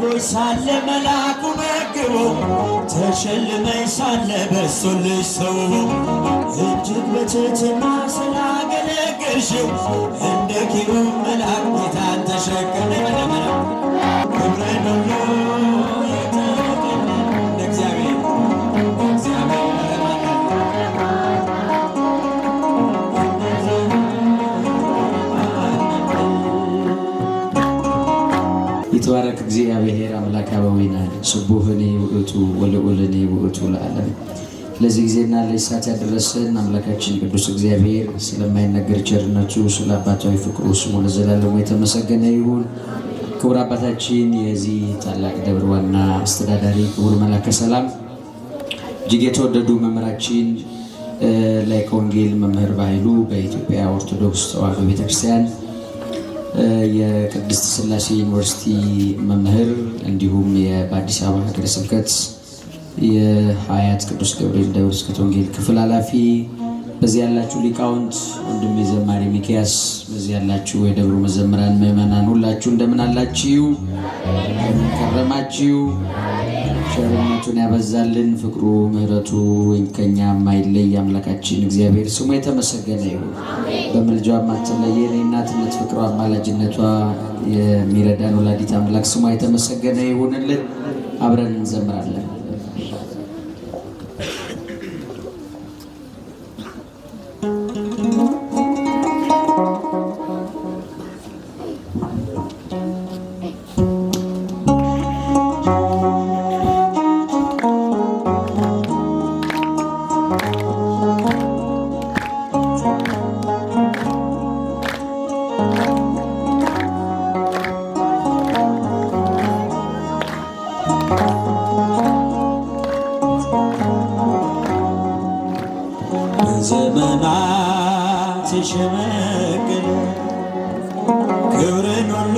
ሎች ሳለ መላኩ መግቦ ተሸልመኝ ሳለ በሶልሽ ሰው እጅግ በትህትና ስላገለገልሽው እንደ ኪሩብ መልአክ ጌታን ተሸከመኝ። ይላል። ስቡህኔ ውእቱ ወልዑልኔ ውእቱ ለዓለም። ለዚህ ጊዜና ለዚህ ሰዓት ያደረሰን አምላካችን ቅዱስ እግዚአብሔር ስለማይነገር ቸርነቱ፣ ስለ አባታዊ ፍቅሩ ስሙ ለዘላለሙ የተመሰገነ ይሁን። ክቡር አባታችን የዚህ ታላቅ ደብር ዋና አስተዳዳሪ ክቡር መላከ ሰላም፣ እጅግ የተወደዱ መምህራችን ሊቀ መምህር ባይሉ በኢትዮጵያ ኦርቶዶክስ ተዋሕዶ ቤተክርስቲያን የቅድስት ስላሴ ዩኒቨርሲቲ መምህር እንዲሁም በአዲስ አበባ ሀገረ ስብከት የሀያት ቅዱስ ገብርኤል ደብረ ስብከት ወንጌል ክፍል ኃላፊ፣ በዚህ ያላችሁ ሊቃውንት፣ ወንድም የዘማሪ ሚኪያስ፣ በዚህ ያላችሁ የደብሩ መዘምራን ምዕመናን ሁላችሁ እንደምን አላችሁ? ከረማችሁ? ቸርነቱን ያበዛልን ፍቅሩ ምሕረቱ ከኛ የማይለይ አምላካችን እግዚአብሔር ስሙ የተመሰገነ ይሁን። በምልጃዋ የማትለየን የእናትነት ፍቅሯ አማላጅነቷ የሚረዳን ወላዲት አምላክ ስሟ የተመሰገነ ይሁንልን። አብረን እንዘምራለን። ዘመናት ሲሸመግል ክብርን ሁሉ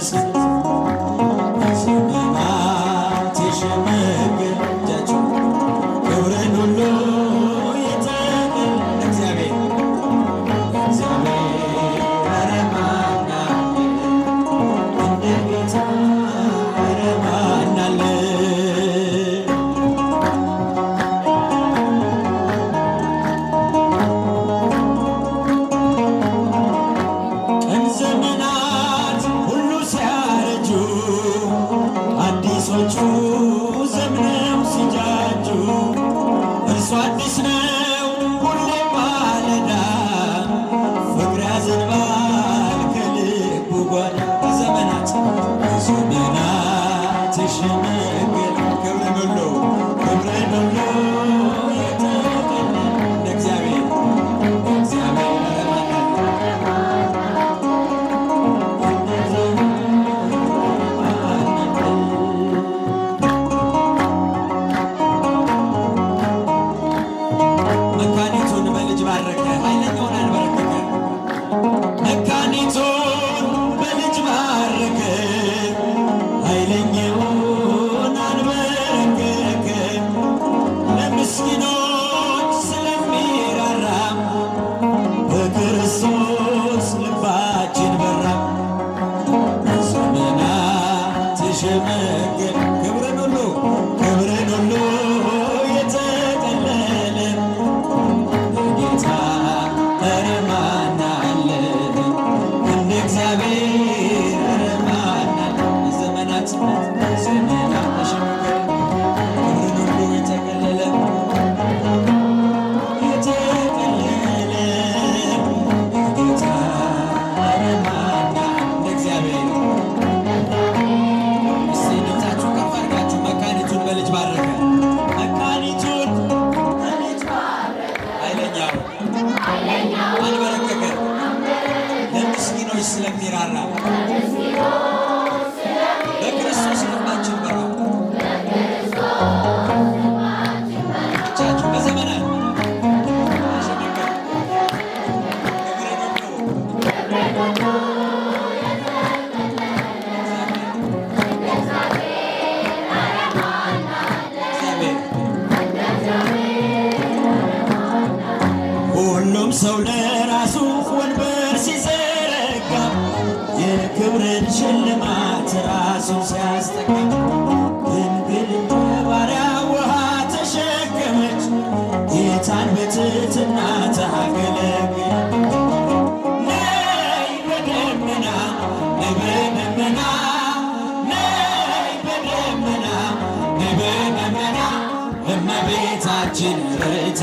sim So. Amen. ኃጢአት ራሱን ሲያስጠግድ ድንግል እንደ ባሪያ ውሃ ተሸከመች። ጌታን በትሕትና ተገለገለች። ነይ በደመና ነይ በደመና ነይ በደመና ነይ በደመና እመቤታችን ርኅተ